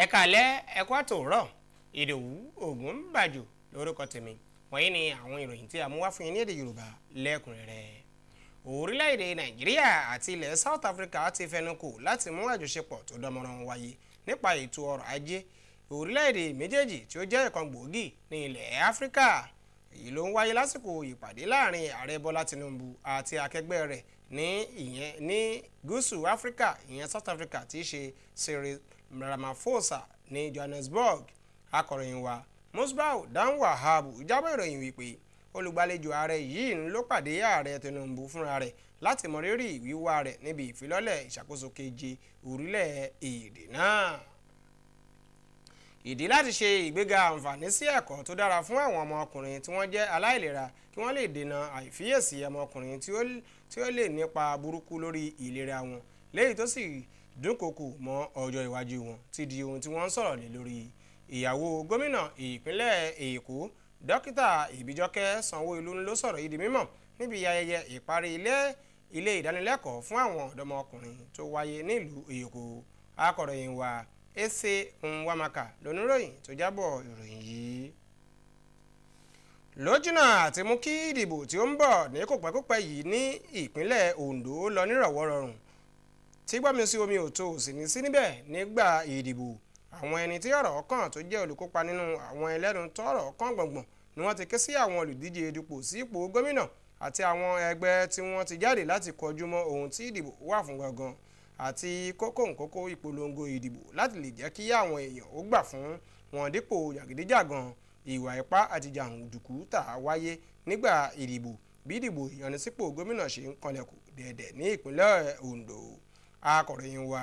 ẹ kálẹ́ ẹ kú àtòwúrọ̀ ìdòwú Ògúnbàjò lórúkọ tèmi wọ̀nyí ni àwọn ìròyìn tí a mú wá fún yín ní èdè Yorùbá lẹ́kùnrẹ́rẹ́ orílẹ̀-èdè Nàìjíríà àti ilẹ̀ South Africa ti fẹnu kò láti mú àjọṣepọ̀ tó dánmọ́rán wáyé nípa ètò ọrọ̀ ajé orílẹ̀-èdè méjèèjì tí ó jẹ́ ìkan gbòógì ní ilẹ̀ Áfíríkà èyí ló ń wáyé lásìkò ìpàdé láàrin ààrẹ Bọ́lá Tinubu àti akẹgbẹ́ rẹ̀ ní gúúsù Áfíríkà ìyẹn South Africa tí í ṣe Ramaphosa ní Johannesburg akọ̀ròyìn wa Musbau Dan Wahab jábọ̀ ìròyìn wípé olùgbàlejò ààrẹ yìí ló pàdé ààrẹ Tinubu fúnra rẹ̀ láti mọrírì wíwá rẹ̀ níbi ìfilọ́lẹ̀ ìṣàkóso keje orílẹ̀-èdè náà ìdí láti ṣe ìgbéga àǹfààní sí ẹ̀kọ́ tó dára fún àwọn ọmọkùnrin tí wọ́n jẹ́ aláìlera kí wọ́n lè dènà àìfiyèsí ọmọkùnrin tí ó lè nípa burúkú lórí ìlera wọn léyìí tó sì dúnkòkò mọ́ ọjọ́ iwájú wọn ti di ohun tí wọ́n ń sọ̀rọ̀ lé lórí ìyàwó gómìnà ìpínlẹ̀ èkó dókítà ìbíjọ́kẹ́ sanwó-olú ló sọ̀rọ̀ yìí di mímọ̀ níbi ayẹyẹ ìparí ilé ilé ìdánilẹ́kọ̀ọ́ fún àwọn ọ̀dọ́mọkùnrin tó wáyé nílùú èkó akọ̀ròyìn wa ese nwamaka lóníròyìn tó jábọ̀ ìròyìn yìí lójúnà àti mú kí ìdìbò tí ó ń bọ̀ ní kòpẹ́kòpẹ́ yìí ní ìpínlẹ̀ ondo lọ nírọ̀wọ́rọ̀rùn tí gbọ́mi sí omi òtó ò sì ní sí níbẹ̀ nígbà ìdìbò àwọn ẹni tí ọ̀rọ̀ kàn tó jẹ́ olùkópa nínú àwọn ẹlẹ́nu tọ́rọ̀ kàn gbọ̀ngbọ̀n ni wọ́n ti ké sí àwọn olùdíje dupò sípò gómìnà àti àwọn ẹgbẹ́ tí wọ́n ti jáde láti kọjú mọ́ ohun tí ìdìbò wà fún gangan àti kókó nkókó ìpolongo ìdìbò láti lè jẹ́ kí àwọn èèyàn ó gbà fún wọn dípò jàgídíjàgan ìwà ipá àti jàǹdùkú tà wáyé nígbà ìdìbò bí ìdìbò ìyanisípò gómìnà ṣe ń kanlẹ̀kùn dẹ̀dẹ̀ ní ìpínlẹ̀ Ondo akọ̀ròyìn wa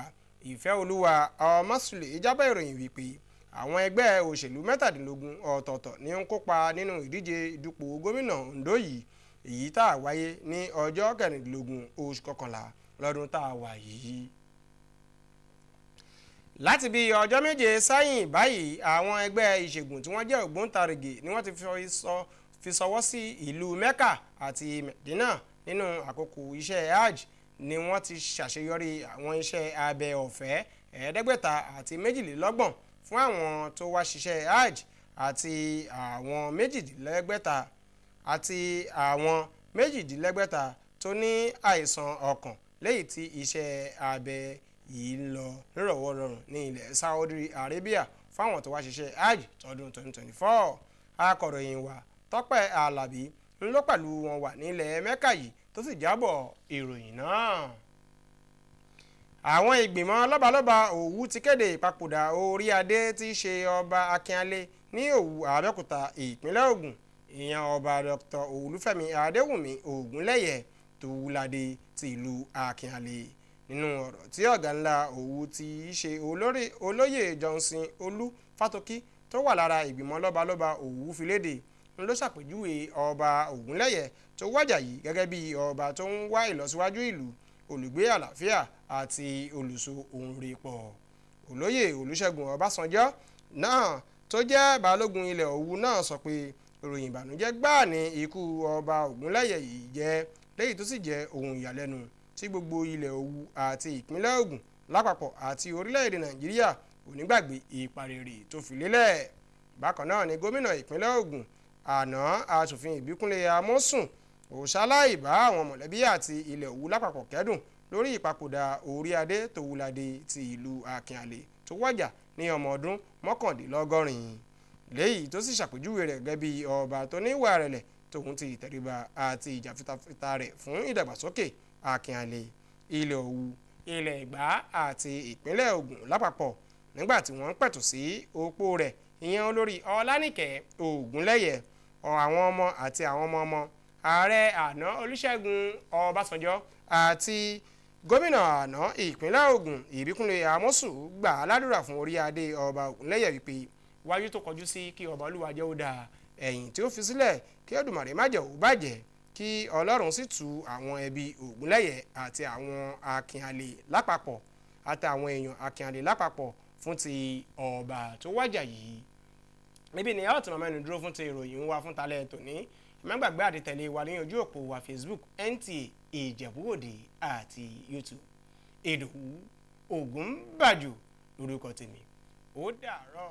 ìfẹ́ olúwa ọmọsùlẹ̀ ìjábọ̀ ìròyìn wípé àwọn ẹgbẹ́ òṣèlú mẹ́tàdínlógún ọ̀tọ̀ọ̀tọ̀ ni ń kópa nínú ìdíje ìdupò gómìnà Ondo yìí èyí tá a wáyé ní ọjọ́ kẹrìndínlógún oṣù kọkànlá lọ́dún tá a wà yìí láti bí ọjọ́ méje sẹ́yìn báyìí àwọn ẹgbẹ́ ìṣègùn tí wọ́n jẹ́ ògbóǹtarìgì ni wọ́n ti fi ṣọwọ́ sí ìlú Mẹ́kà àti Mẹ́dínà nínú àkókò iṣẹ́ hajj ni wọ́n ti ṣàṣeyọrí àwọn iṣẹ́ abẹ ọ̀fẹ́ ẹ̀ẹ́dẹ́gbẹ̀ta àti méjìlélọ́gbọ̀n fún àwọn tó wá ṣiṣẹ́ hajj àti àwọn méjìdínlẹ́gbẹ̀ta àti àwọn méjìdínlẹ́gbẹ̀ta tó ní àìsàn ọkàn lẹ́yìn tí iṣẹ́ abẹ yìí ń lọ nírọ̀wọ́ rọrùn ní ilẹ̀ Saudi Arabia fáwọn tó wá ṣiṣẹ́ hajj tọdún 2024 akọ̀ròyìn wa Tọ́pẹ́ Alábí ló pàlú wọn wà nílẹ̀ mẹ́kà yìí tó sì jábọ̀ ìròyìn náà àwọn ìgbìmọ̀ lọ́balọ́ba Òwu ti kéde ìpapòdà orí adé tí í ṣe ọba Akínalé ní Òwu Àbẹ́òkúta ìpínlẹ̀ Ògùn ìyẹn ọba Dr. Olúfẹ́mi Adéwùmí Ògúnlẹ̀yẹ tó wúládé ti ìlú Akínalé nínú ọ̀rọ̀ tí ọ̀gá ńlá Òwu ti í ṣe olóyè Johnson Olú Fátókí tó wà lára ìgbìmọ̀ lọ́balọ́ba Òwu fi léde ló ṣàpèjúwe ọba ògúnlẹ́yẹ tó wájà yìí gẹ́gẹ́ bí ọba tó ń wá ìlọsíwájú ìlú olùgbé àlàáfíà àti olùsọ ohun rere pọ̀ olóyè olùṣègùn ọbásanjọ́ náà tó jẹ́ balógun ilẹ̀ òwu náà sọ pé ìròyìn ìbànújẹ́ gbáà ni ikú ọba ògúnlẹ́yẹ yìí jẹ́ léyìí tó sì jẹ́ ohun ìyàlẹ́nu tí gbogbo ilẹ̀ òwu àti ìpínlẹ̀ ògùn lápapọ̀ àti orílẹ̀-èdè nàìjíríà ò ní gbàgbé tó fi lélẹ̀ bákan náà ni gómìnà ìpínlẹ̀ ògùn àná asòfin ìbíkúnlé amọ́sùn òṣàláì bá àwọn mọ̀lẹ́bí àti ilẹ̀ òwú lápapọ̀ kẹ́dùn lórí ìpapòdà orí adé tòwúladé ti ìlú akínàlè tó wájà ní ọmọ ọdún mọ́kàndínlọ́gọ́rin léyìí tó sì ṣàpèjúwe rẹ̀ gẹ́gẹ́ bí ọba tó ní ìwà rẹ̀lẹ̀ tòun ti ìtẹríba àti ìjà fitafita rẹ̀ fún ìdàgbàsókè akínàlè ilẹ̀ òwú ilẹ̀ ìgbà àti ìpínlẹ̀ Ògùn lápapọ̀ nígbà tí wọ́n pẹ̀tù sí opó rẹ̀ ìyẹn olórí Ọlánìkẹ́ Ògúnlẹ́yẹ àwọn ọmọ àti àwọn ọmọ ọmọ ààrẹ àná olúṣẹ́gun ọbásanjọ́ àti gómìnà àná ìpínlẹ̀ ògùn ìbíkúnlé amósù gbà á ládùúrà fún orí adé ọba ògúnlẹ̀yẹ̀ wípé wájú tó kọjú sí kí ọba olúwa jẹ́ ó dáa ẹ̀yìn tí ó fi sílẹ̀ kí Èdùmàrè má jẹ́ ó bàjẹ́ kí ọlọ́run sì tu àwọn ẹbí ògúnlẹ̀yẹ̀ àti àwọn akínhalè lápapọ̀ àtàwọn èèyàn akínhalè lápapọ̀ fún ti ọba tó wájà yìí níbi ni ọ̀tún ọmọ ẹnu dúró fún ti ìròyìn wa fún talẹ́ tòní mẹ́gbàgbé àdìtẹ̀lé wa ní ojú òpó wa Facebook NTA Ìjẹ̀bú-Òde àti YouTube Ìdòwú Ògúnbàjò lórúkọ tèmi ó dàárọ̀.